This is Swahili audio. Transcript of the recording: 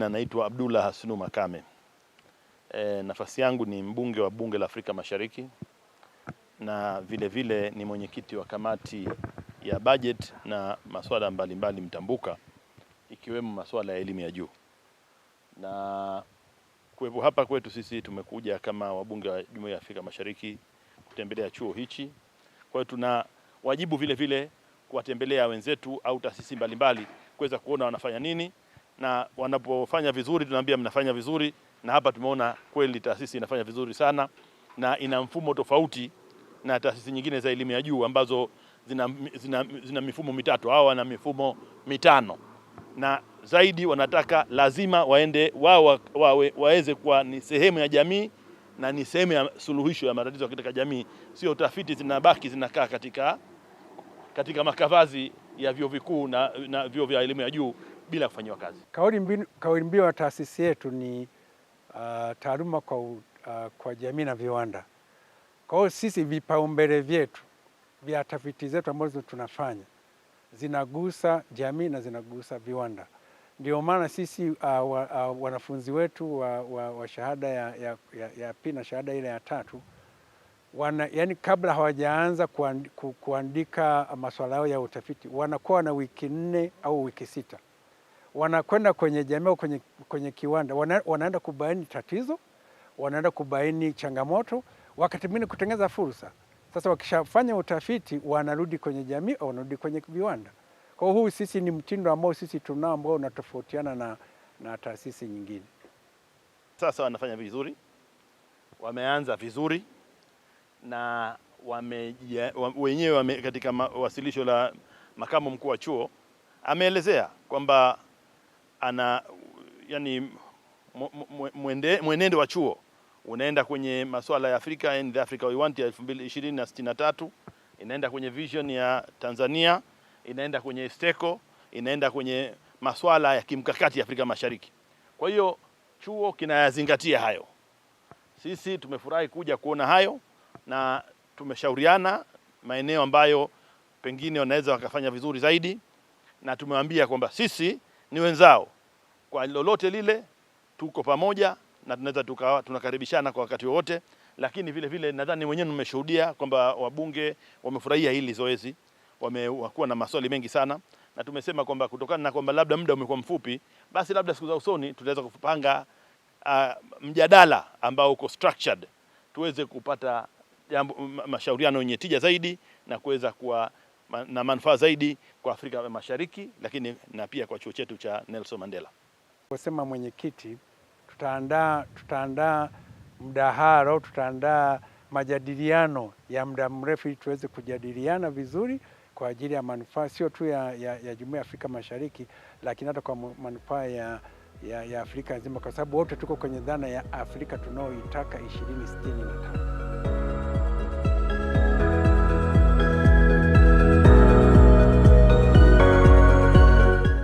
na naitwa Abdullah Hasnu Makame. E, nafasi yangu ni mbunge wa bunge la Afrika Mashariki na vile vile ni mwenyekiti wa kamati ya bajeti na masuala mbalimbali mtambuka ikiwemo masuala ya elimu ya juu. Na kuwepo hapa kwetu sisi tumekuja kama wabunge wa Jumuiya ya Afrika Mashariki kutembelea chuo hichi. Kwa hiyo tuna wajibu vile vile kuwatembelea wenzetu au taasisi mbalimbali kuweza kuona wanafanya nini na wanapofanya vizuri tunaambia mnafanya vizuri, na hapa tumeona kweli taasisi inafanya vizuri sana na ina mfumo tofauti na taasisi nyingine za elimu ya juu ambazo zina, zina, zina mifumo mitatu. au wana mifumo mitano na zaidi wanataka lazima waende wao wawe, waweze kuwa ni sehemu ya jamii na ni sehemu ya suluhisho ya matatizo katika jamii, sio tafiti zinabaki zinakaa katika, katika makavazi ya vyuo vikuu na, na vyuo vya elimu ya juu bila kufanyiwa kazi. Kauli mbiu kauli ya taasisi yetu ni uh, taaluma kwa, uh, kwa jamii na viwanda. Kwa hiyo sisi vipaumbele vyetu vya tafiti zetu ambazo tunafanya zinagusa jamii na zinagusa viwanda. Ndio maana sisi uh, wa, uh, wanafunzi wetu wa, wa, wa shahada ya, ya, ya, ya pili na shahada ile ya tatu wana, yani kabla hawajaanza kuandika, kuandika masuala yao ya utafiti wanakuwa na wiki nne au wiki sita wanakwenda kwenye jamii, kwenye, kwenye kiwanda wana, wanaenda kubaini tatizo, wanaenda kubaini changamoto, wakati mwingine kutengeneza fursa. Sasa wakishafanya utafiti wanarudi kwenye jamii au wanarudi kwenye viwanda. Kwa huu sisi ni mtindo ambao sisi tunao ambao unatofautiana na, na taasisi nyingine. Sasa wanafanya vizuri, wameanza vizuri na wame, wenyewe wame, katika wasilisho la makamu mkuu wa chuo ameelezea kwamba ana yani mwenendo wa chuo unaenda kwenye masuala ya Afrika and the Africa we want ya 2023 inaenda kwenye vision ya Tanzania, inaenda kwenye STECO, inaenda kwenye masuala ya kimkakati ya Afrika Mashariki. Kwa hiyo chuo kinayazingatia hayo. Sisi tumefurahi kuja kuona hayo na tumeshauriana maeneo ambayo pengine wanaweza wakafanya vizuri zaidi, na tumewaambia kwamba sisi ni wenzao kwa lolote lile, tuko pamoja na tunaweza tukawa tunakaribishana kwa wakati wowote. Lakini vile vile nadhani wenyewe nimeshuhudia kwamba wabunge wamefurahia hili zoezi, wamekuwa na maswali mengi sana, na tumesema kwamba kutokana na kwamba labda muda umekuwa mfupi, basi labda siku za usoni tutaweza kupanga uh, mjadala ambao uko structured tuweze kupata mashauriano yenye tija zaidi na kuweza kuwa na manufaa zaidi kwa Afrika Mashariki, lakini na pia kwa chuo chetu cha Nelson Mandela. Kusema mwenyekiti, tutaandaa tutaandaa mdaharo, tutaandaa majadiliano ya muda mrefu ili tuweze kujadiliana vizuri kwa ajili ya manufaa sio tu ya, ya, ya Jumuiya ya Afrika Mashariki, lakini hata kwa manufaa ya, ya, ya Afrika nzima, kwa sababu wote tuko kwenye dhana ya Afrika tunaoitaka 2065.